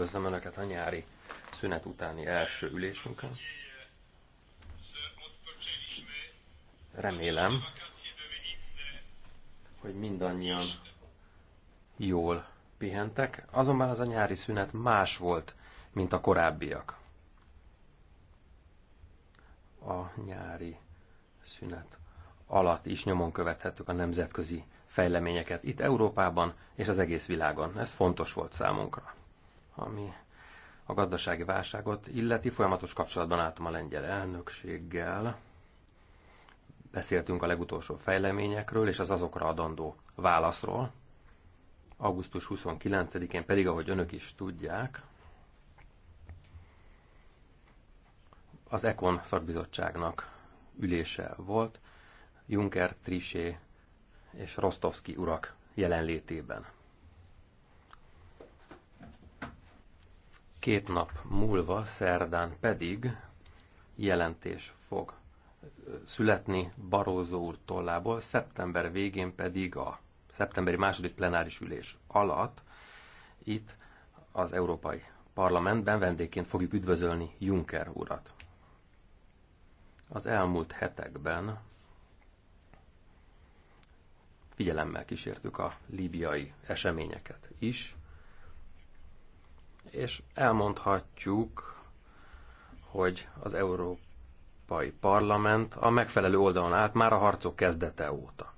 Üdvözlöm Önöket a nyári szünet utáni első ülésünkön. Remélem, hogy mindannyian jól pihentek, azonban az a nyári szünet más volt, mint a korábbiak. A nyári szünet alatt is nyomon követhettük a nemzetközi fejleményeket itt Európában és az egész világon. Ez fontos volt számunkra ami a gazdasági válságot illeti. Folyamatos kapcsolatban álltam a lengyel elnökséggel, beszéltünk a legutolsó fejleményekről és az azokra adandó válaszról. Augusztus 29-én pedig, ahogy önök is tudják, az Ekon szakbizottságnak ülése volt, Juncker, Trisé és Rostovski urak jelenlétében. Két nap múlva, szerdán pedig jelentés fog születni Barózó úr tollából, szeptember végén pedig a szeptemberi második plenáris ülés alatt itt az Európai Parlamentben vendégként fogjuk üdvözölni Juncker urat. Az elmúlt hetekben figyelemmel kísértük a líbiai eseményeket is, és elmondhatjuk, hogy az Európai Parlament a megfelelő oldalon állt már a harcok kezdete óta.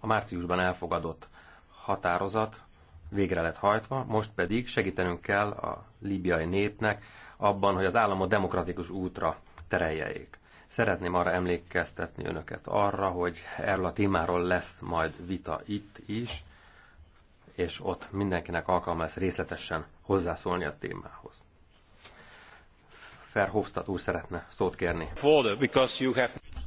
A márciusban elfogadott határozat végre lett hajtva, most pedig segítenünk kell a líbiai népnek abban, hogy az államot demokratikus útra tereljék. Szeretném arra emlékeztetni önöket arra, hogy erről a témáról lesz majd vita itt is, és ott mindenkinek alkalmaz részletesen hozzászólni a témához. Verhofstadt úr szeretne szót kérni.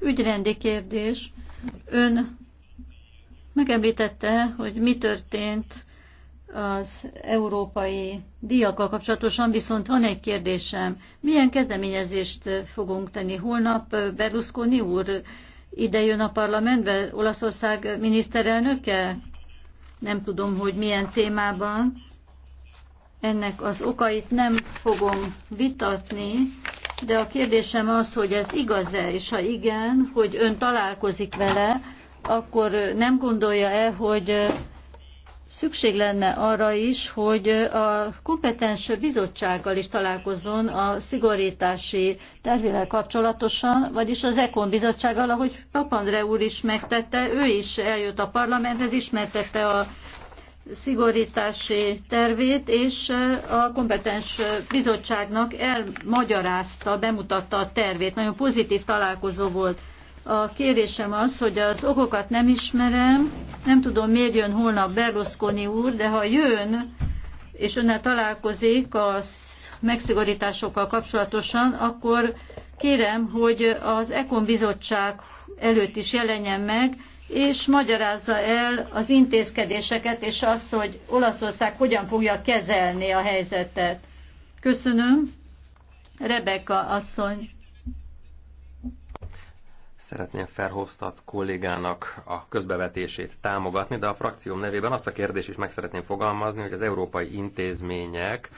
Ügyrendi kérdés. Ön megemlítette, hogy mi történt az európai díjakkal kapcsolatosan, viszont van egy kérdésem. Milyen kezdeményezést fogunk tenni? Holnap Berlusconi úr ide jön a parlamentbe, Olaszország miniszterelnöke? Nem tudom, hogy milyen témában. Ennek az okait nem fogom vitatni, de a kérdésem az, hogy ez igaz-e, és ha igen, hogy ön találkozik vele, akkor nem gondolja-e, hogy szükség lenne arra is, hogy a kompetens bizottsággal is találkozzon a szigorítási tervével kapcsolatosan, vagyis az EKON bizottsággal, ahogy Papandre úr is megtette, ő is eljött a parlamenthez, ismertette a szigorítási tervét, és a kompetens bizottságnak elmagyarázta, bemutatta a tervét. Nagyon pozitív találkozó volt. A kérésem az, hogy az okokat nem ismerem, nem tudom miért jön holnap Berlusconi úr, de ha jön és önnel találkozik a megszigorításokkal kapcsolatosan, akkor kérem, hogy az Ekon bizottság előtt is jelenjen meg, és magyarázza el az intézkedéseket, és azt, hogy Olaszország hogyan fogja kezelni a helyzetet. Köszönöm. Rebeka asszony. Szeretném Ferhofstadt kollégának a közbevetését támogatni, de a frakcióm nevében azt a kérdést is meg szeretném fogalmazni, hogy az európai intézmények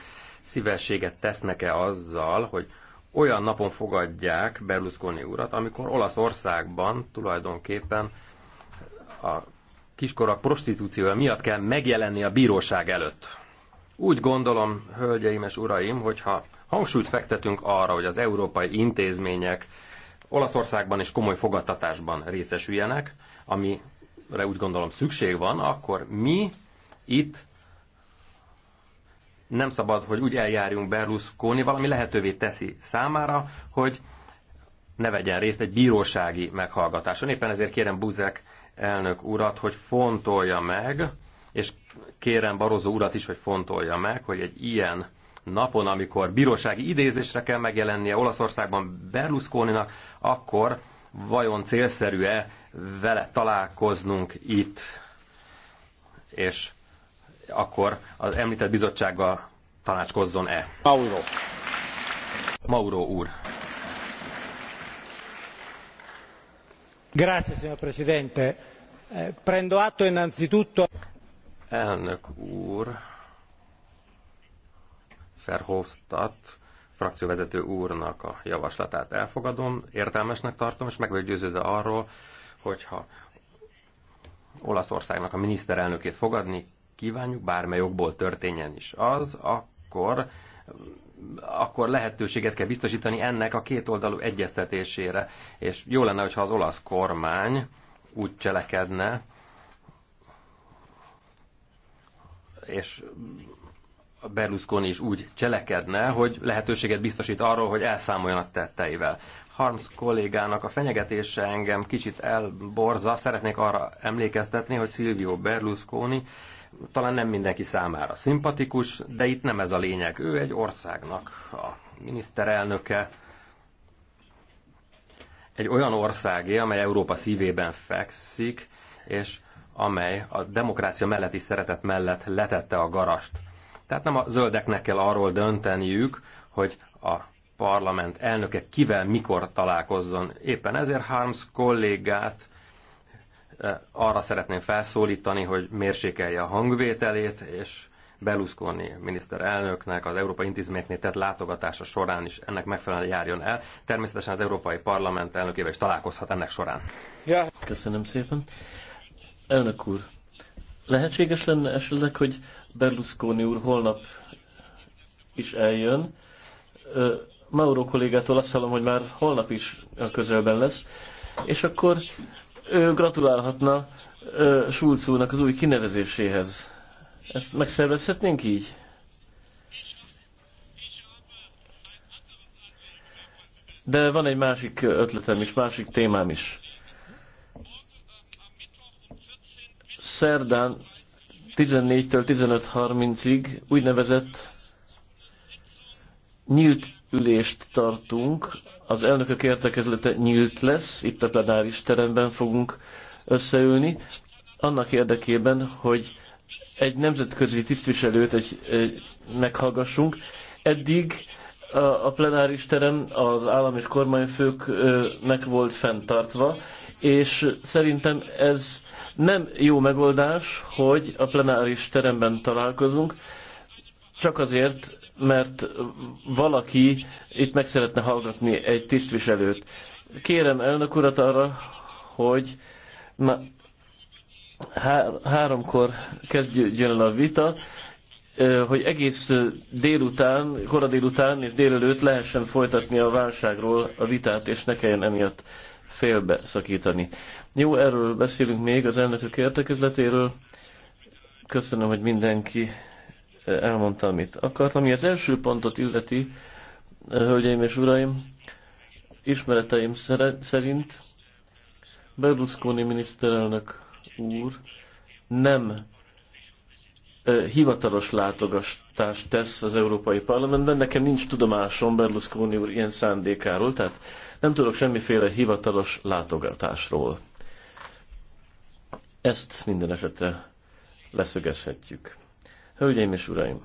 szívességet tesznek-e azzal, hogy olyan napon fogadják Berlusconi urat, amikor Olaszországban tulajdonképpen a kiskorak prostitúciója miatt kell megjelenni a bíróság előtt. Úgy gondolom, hölgyeim és uraim, hogyha hangsúlyt fektetünk arra, hogy az európai intézmények Olaszországban is komoly fogadtatásban részesüljenek, amire úgy gondolom szükség van, akkor mi itt nem szabad, hogy úgy eljárjunk Berlusconi, valami lehetővé teszi számára, hogy ne vegyen részt egy bírósági meghallgatáson. Éppen ezért kérem Buzek elnök urat, hogy fontolja meg, és kérem Barozó urat is, hogy fontolja meg, hogy egy ilyen napon, amikor bírósági idézésre kell megjelennie Olaszországban Berlusconinak, akkor vajon célszerű-e vele találkoznunk itt, és akkor az említett bizottsággal tanácskozzon-e? Mauro. Mauro úr. Grazie, signor Presidente. Eh, prendo atto innanzitutto... Elnök úr, Verhofstadt frakcióvezető úrnak a javaslatát elfogadom, értelmesnek tartom, és meg vagyok győződve arról, hogyha Olaszországnak a miniszterelnökét fogadni kívánjuk, bármely jogból történjen is az, akkor akkor lehetőséget kell biztosítani ennek a kétoldalú egyeztetésére. És jó lenne, hogyha az olasz kormány úgy cselekedne, és Berlusconi is úgy cselekedne, hogy lehetőséget biztosít arról, hogy elszámoljon a tetteivel. Harms kollégának a fenyegetése engem kicsit elborza, szeretnék arra emlékeztetni, hogy Silvio Berlusconi talán nem mindenki számára szimpatikus, de itt nem ez a lényeg. Ő egy országnak a miniszterelnöke, egy olyan országé, amely Európa szívében fekszik, és amely a demokrácia melletti szeretet mellett letette a garast. Tehát nem a zöldeknek kell arról dönteniük, hogy a parlament elnöke kivel, mikor találkozzon. Éppen ezért Harms kollégát arra szeretném felszólítani, hogy mérsékelje a hangvételét, és Berlusconi miniszterelnöknek az Európai Intézményeknél tett látogatása során is ennek megfelelően járjon el. Természetesen az Európai Parlament elnökével is találkozhat ennek során. Ja, Köszönöm szépen. Elnök úr, lehetséges lenne esetleg, hogy Berlusconi úr holnap is eljön. Mauro kollégától azt hallom, hogy már holnap is a közelben lesz, és akkor ő gratulálhatna Schulz úrnak az új kinevezéséhez. Ezt megszervezhetnénk így? De van egy másik ötletem is, másik témám is. Szerdán 14-től 15.30-ig úgynevezett nyílt ülést tartunk. Az elnökök értekezlete nyílt lesz, itt a plenáris teremben fogunk összeülni, annak érdekében, hogy egy nemzetközi tisztviselőt egy, egy meghallgassunk. Eddig a, a plenáris terem az állam és kormányfőknek volt fenntartva, és szerintem ez nem jó megoldás, hogy a plenáris teremben találkozunk, csak azért, mert valaki itt meg szeretne hallgatni egy tisztviselőt. Kérem elnök urat arra, hogy ma háromkor kezdjön el a vita, hogy egész délután, kora délután és délelőtt lehessen folytatni a válságról a vitát, és ne kelljen emiatt félbe szakítani. Jó, erről beszélünk még az elnökök értekezletéről. Köszönöm, hogy mindenki eh, elmondta, amit akart. Ami az első pontot illeti, eh, hölgyeim és uraim, ismereteim szerint Berlusconi miniszterelnök úr nem eh, hivatalos látogatást választást tesz az Európai Parlamentben. Nekem nincs tudomásom Berlusconi úr ilyen szándékáról, tehát nem tudok semmiféle hivatalos látogatásról. Ezt minden esetre leszögezhetjük. Hölgyeim és uraim!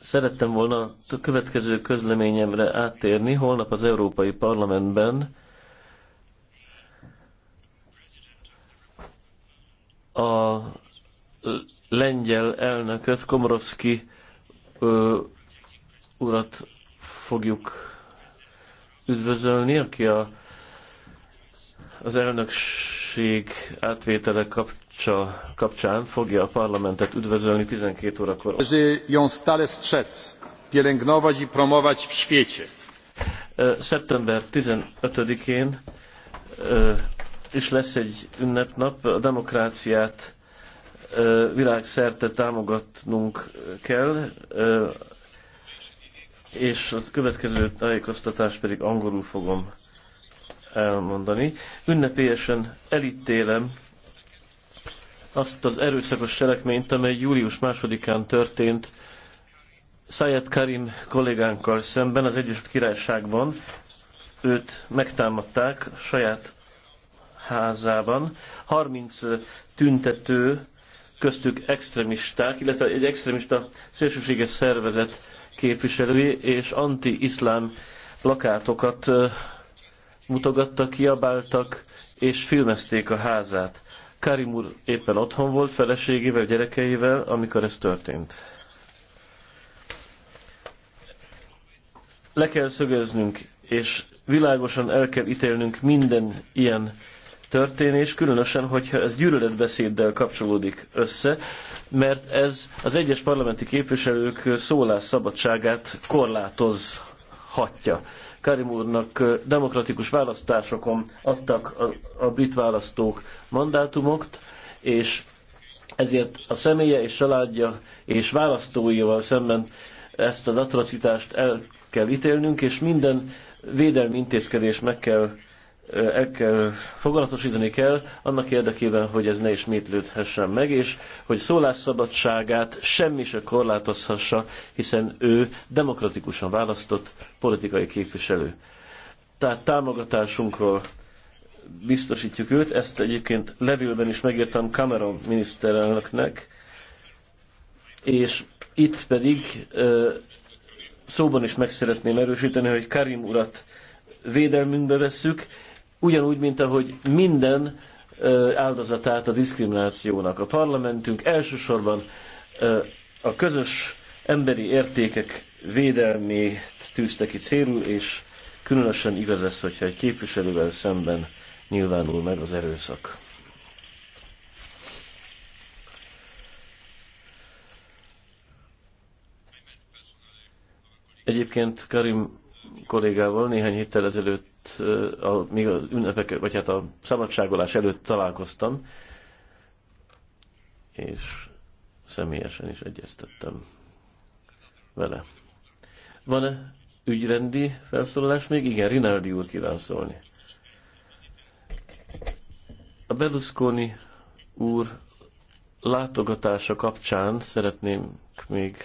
Szerettem volna a következő közleményemre áttérni. Holnap az Európai Parlamentben a lengyel elnököt, Komorowski urat fogjuk üdvözölni, aki a, az elnökség átvétele kapcsa, kapcsán fogja a parlamentet üdvözölni 12 órakor. ją stale strzec, pielęgnować i promować w świecie. Szeptember 15-én is lesz egy ünnepnap, a demokráciát világszerte támogatnunk kell, és a következő tájékoztatás pedig angolul fogom elmondani. Ünnepélyesen elítélem azt az erőszakos cselekményt, amely július másodikán történt Sayed Karim kollégánkkal szemben az Egyesült Királyságban. Őt megtámadták saját házában 30 tüntető, köztük extremisták, illetve egy extremista szélsőséges szervezet képviselői és anti-iszlám plakátokat mutogattak, kiabáltak és filmezték a házát. Karim úr éppen otthon volt feleségével, gyerekeivel, amikor ez történt. Le kell szögeznünk, és világosan el kell ítélnünk minden ilyen történés, különösen, hogyha ez gyűlöletbeszéddel kapcsolódik össze, mert ez az egyes parlamenti képviselők szólásszabadságát korlátozhatja. Karim úrnak demokratikus választásokon adtak a, a brit választók mandátumot, és ezért a személye és családja és választóival szemben ezt az atrocitást el kell ítélnünk, és minden védelmi intézkedés meg kell el kell, kell annak érdekében, hogy ez ne ismétlődhessen meg, és hogy szólásszabadságát semmi se korlátozhassa, hiszen ő demokratikusan választott politikai képviselő. Tehát támogatásunkról biztosítjuk őt, ezt egyébként levélben is megértem Cameron miniszterelnöknek, és itt pedig szóban is meg szeretném erősíteni, hogy Karim urat védelmünkbe vesszük, ugyanúgy, mint ahogy minden áldozatát a diszkriminációnak. A parlamentünk elsősorban a közös emberi értékek védelmét tűzte ki célul, és különösen igaz ez, hogyha egy képviselővel szemben nyilvánul meg az erőszak. Egyébként Karim kollégával néhány héttel ezelőtt előtt, a, még az ünnepek, vagy hát a szabadságolás előtt találkoztam, és személyesen is egyeztettem vele. Van-e ügyrendi felszólalás még? Igen, Rinaldi úr kíván szólni. A Berlusconi úr látogatása kapcsán szeretném még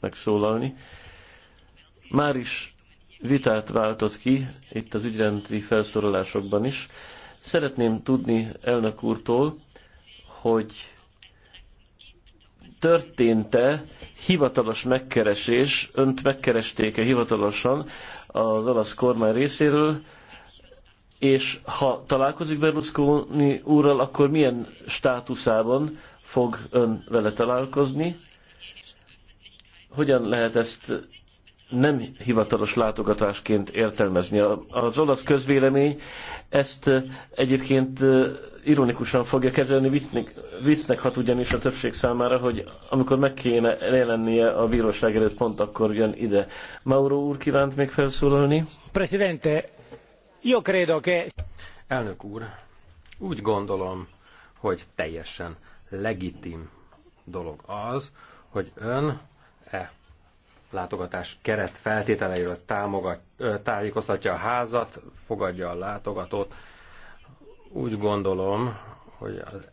megszólalni. Már is vitát váltott ki, itt az ügyrendi felszorolásokban is. Szeretném tudni elnök úrtól, hogy történt-e hivatalos megkeresés, önt megkeresték-e hivatalosan az olasz kormány részéről, és ha találkozik Berlusconi úrral, akkor milyen státuszában fog ön vele találkozni? Hogyan lehet ezt nem hivatalos látogatásként értelmezni. Az olasz közvélemény ezt egyébként ironikusan fogja kezelni, visznek visznek, hat ugyanis a többség számára, hogy amikor meg kéne jelennie a bíróság előtt, pont akkor jön ide. Mauro úr kívánt még felszólalni? Presidente, io credo che... Elnök úr, úgy gondolom, hogy teljesen legitim dolog az, hogy ön e látogatás keret feltételeiről támogat, tájékoztatja a házat, fogadja a látogatót. Úgy gondolom, hogy az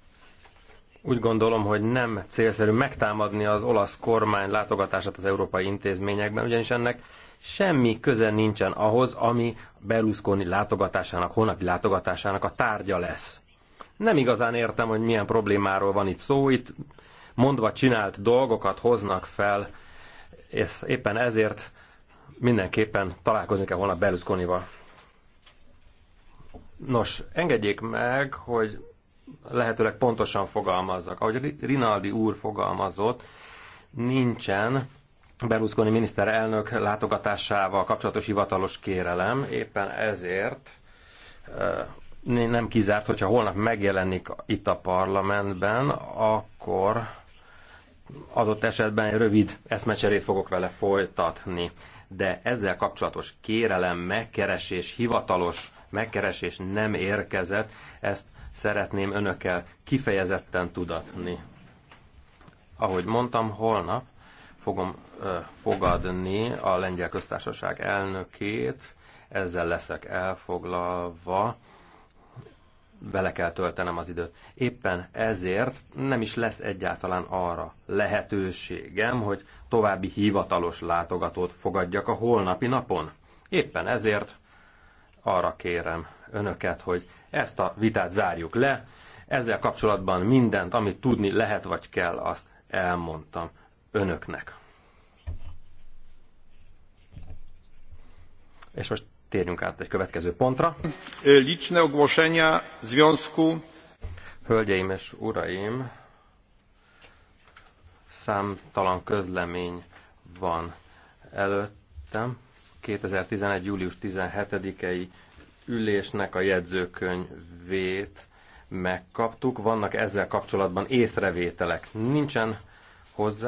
úgy gondolom, hogy nem célszerű megtámadni az olasz kormány látogatását az európai intézményekben, ugyanis ennek semmi köze nincsen ahhoz, ami Berlusconi látogatásának, holnapi látogatásának a tárgya lesz. Nem igazán értem, hogy milyen problémáról van itt szó, itt mondva csinált dolgokat hoznak fel, és éppen ezért mindenképpen találkozni kell holnap val Nos, engedjék meg, hogy lehetőleg pontosan fogalmazzak. Ahogy Rinaldi úr fogalmazott, nincsen Berlusconi miniszterelnök látogatásával kapcsolatos hivatalos kérelem, éppen ezért eh, nem kizárt, hogyha holnap megjelenik itt a parlamentben, akkor adott esetben egy rövid eszmecserét fogok vele folytatni. De ezzel kapcsolatos kérelem, megkeresés, hivatalos megkeresés nem érkezett, ezt szeretném önökkel kifejezetten tudatni. Ahogy mondtam, holnap fogom fogadni a lengyel köztársaság elnökét, ezzel leszek elfoglalva vele kell töltenem az időt. Éppen ezért nem is lesz egyáltalán arra lehetőségem, hogy további hivatalos látogatót fogadjak a holnapi napon. Éppen ezért arra kérem önöket, hogy ezt a vitát zárjuk le, ezzel kapcsolatban mindent, amit tudni lehet vagy kell, azt elmondtam önöknek. És most térjünk át egy következő pontra. E, liczne ogłoszenia związku. Hölgyeim és uraim, számtalan közlemény van előttem. 2011. július 17-i ülésnek a jegyzőkönyvét megkaptuk. Vannak ezzel kapcsolatban észrevételek. Nincsen hozzá